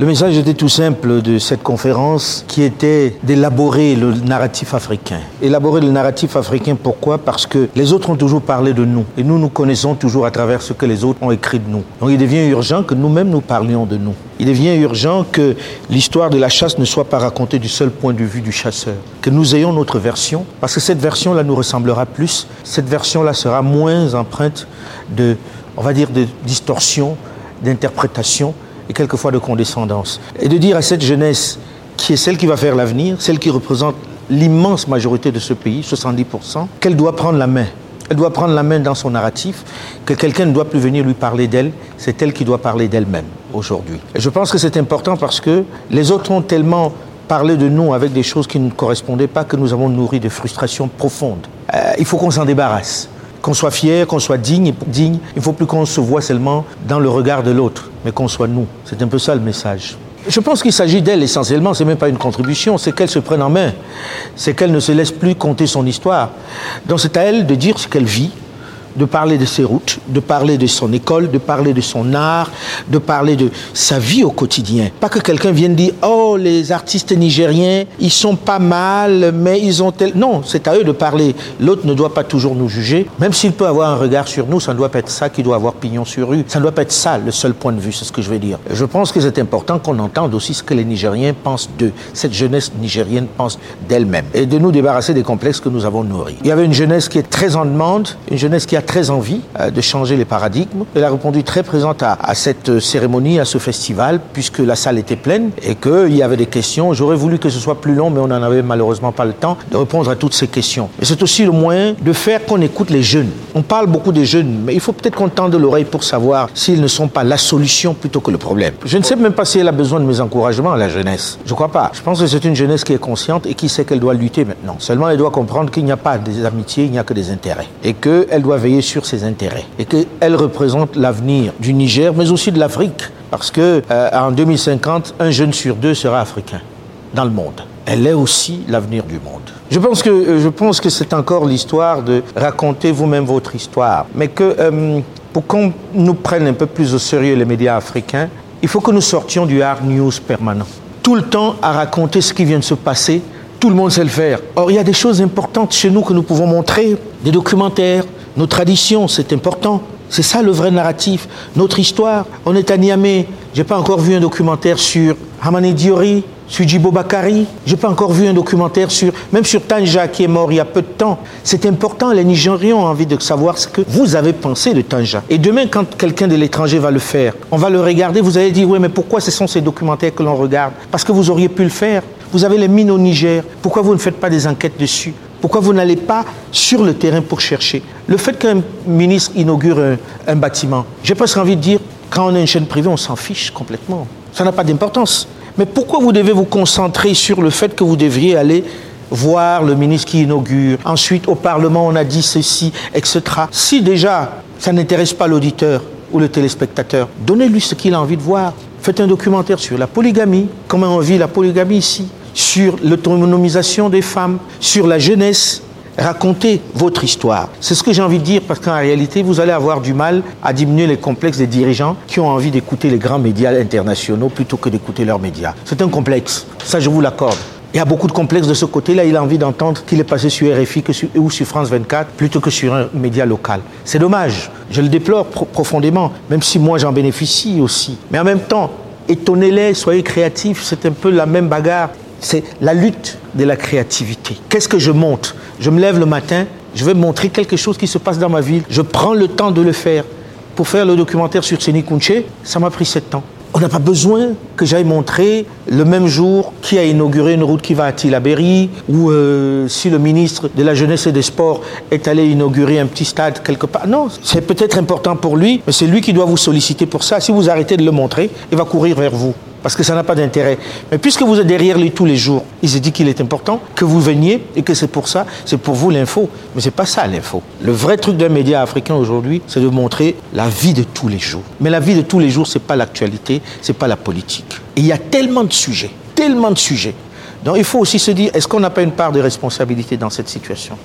Le message était tout simple de cette conférence qui était d'élaborer le narratif africain. Élaborer le narratif africain, pourquoi Parce que les autres ont toujours parlé de nous et nous nous connaissons toujours à travers ce que les autres ont écrit de nous. Donc il devient urgent que nous-mêmes nous parlions de nous. Il devient urgent que l'histoire de la chasse ne soit pas racontée du seul point de vue du chasseur, que nous ayons notre version, parce que cette version-là nous ressemblera plus, cette version-là sera moins empreinte de, on va dire, de distorsion, d'interprétation et quelquefois de condescendance. Et de dire à cette jeunesse qui est celle qui va faire l'avenir, celle qui représente l'immense majorité de ce pays, 70%, qu'elle doit prendre la main. Elle doit prendre la main dans son narratif, que quelqu'un ne doit plus venir lui parler d'elle, c'est elle qui doit parler d'elle-même aujourd'hui. je pense que c'est important parce que les autres ont tellement parlé de nous avec des choses qui ne correspondaient pas que nous avons nourri de frustrations profondes. Euh, il faut qu'on s'en débarrasse. Qu'on soit fier, qu'on soit digne, digne. Il ne faut plus qu'on se voit seulement dans le regard de l'autre, mais qu'on soit nous. C'est un peu ça le message. Je pense qu'il s'agit d'elle essentiellement, c'est même pas une contribution, c'est qu'elle se prenne en main, c'est qu'elle ne se laisse plus compter son histoire. Donc c'est à elle de dire ce qu'elle vit, de parler de ses routes, de parler de son école, de parler de son art, de parler de sa vie au quotidien. Pas que quelqu'un vienne dire oh les artistes nigériens ils sont pas mal mais ils ont tel non c'est à eux de parler. L'autre ne doit pas toujours nous juger, même s'il peut avoir un regard sur nous, ça ne doit pas être ça qui doit avoir pignon sur rue. Ça ne doit pas être ça le seul point de vue, c'est ce que je veux dire. Je pense que c'est important qu'on entende aussi ce que les Nigériens pensent d'eux. Cette jeunesse nigérienne pense d'elle-même et de nous débarrasser des complexes que nous avons nourris. Il y avait une jeunesse qui est très en demande, une jeunesse qui très envie euh, de changer les paradigmes. Elle a répondu très présente à, cette euh, cérémonie, à ce festival, puisque la salle était pleine et qu'il y avait des questions. J'aurais voulu que ce soit plus long, mais on n'en avait malheureusement pas le temps de répondre à toutes ces questions. Et c'est aussi le moyen de faire qu'on écoute les jeunes. On parle beaucoup des jeunes, mais il faut peut-être qu'on tende l'oreille pour savoir s'ils ne sont pas la solution plutôt que le problème. Je ne sais même pas si elle a besoin de mes encouragements à la jeunesse. Je ne crois pas. Je pense que c'est une jeunesse qui est consciente et qui sait qu'elle doit lutter maintenant. Seulement, elle doit comprendre qu'il n'y a pas des amitiés, il n'y a que des intérêts. Et qu'elle doit veiller sur ses intérêts et qu'elle représente l'avenir du Niger, mais aussi de l'Afrique, parce que euh, en 2050, un jeune sur deux sera africain dans le monde. Elle est aussi l'avenir du monde. Je pense que, euh, je pense que c'est encore l'histoire de raconter vous-même votre histoire, mais que euh, pour qu'on nous prenne un peu plus au sérieux les médias africains, il faut que nous sortions du hard news permanent. Tout le temps à raconter ce qui vient de se passer, tout le monde sait le faire. Or, il y a des choses importantes chez nous que nous pouvons montrer, des documentaires, nos traditions, c'est important. C'est ça le vrai narratif. Notre histoire. On est à Niamey. J'ai pas encore vu un documentaire sur Hamane Diori, sur Djibo Bakari. J'ai pas encore vu un documentaire sur, même sur Tanja qui est mort il y a peu de temps. C'est important. Les Nigérians ont envie de savoir ce que vous avez pensé de Tanja. Et demain, quand quelqu'un de l'étranger va le faire, on va le regarder. Vous allez dire, oui, mais pourquoi ce sont ces documentaires que l'on regarde Parce que vous auriez pu le faire. Vous avez les mines au Niger. Pourquoi vous ne faites pas des enquêtes dessus pourquoi vous n'allez pas sur le terrain pour chercher Le fait qu'un ministre inaugure un, bâtiment, j'ai presque envie de dire, quand on est une chaîne privée, on s'en fiche complètement. Ça n'a pas d'importance. Mais pourquoi vous devez vous concentrer sur le fait que vous devriez aller voir le ministre qui inaugure Ensuite, au Parlement, on a dit ceci, etc. Si déjà, ça n'intéresse pas l'auditeur ou le téléspectateur, donnez-lui ce qu'il a envie de voir. Faites un documentaire sur la polygamie, comment on vit la polygamie ici, sur l'autonomisation des femmes, sur la jeunesse. Racontez votre histoire. C'est ce que j'ai envie de dire parce qu'en réalité, vous allez avoir du mal à diminuer les complexes des dirigeants qui ont envie d'écouter les grands médias internationaux plutôt que d'écouter leurs médias. C'est un complexe, ça je vous l'accorde. Il y a beaucoup de complexes de ce côté-là. Il a envie d'entendre qu'il est passé sur RFI que sur, ou sur France 24 plutôt que sur un média local. C'est dommage. Je le déplore profondément, même si moi j'en bénéficie aussi. Mais en même temps, étonnez-les, soyez créatifs. C'est un peu la même bagarre c'est la lutte de la créativité. Qu'est-ce que je monte Je me lève le matin, je vais montrer quelque chose qui se passe dans ma ville. Je prends le temps de le faire. Pour faire le documentaire sur Seni ça m'a pris sept ans. On n'a pas besoin que j'aille montrer le même jour qui a inauguré une route qui va à Berry, ou euh, si le ministre de la Jeunesse et des Sports est allé inaugurer un petit stade quelque part. Non, c'est peut-être important pour lui, mais c'est lui qui doit vous solliciter pour ça. Si vous arrêtez de le montrer, il va courir vers vous parce que ça n'a pas d'intérêt. Mais puisque vous êtes derrière lui tous les jours, il se dit qu'il est important que vous veniez et que c'est pour ça, c'est pour vous l'info. Mais ce n'est pas ça l'info. Le vrai truc d'un média africain aujourd'hui, c'est de montrer la vie de tous les jours. Mais la vie de tous les jours, n'est pas l'actualité, ce n'est pas la politique. il y a tellement de sujets, tellement de sujets. Donc il faut aussi se dire, est-ce qu'on n'a pas une part de responsabilité dans cette situation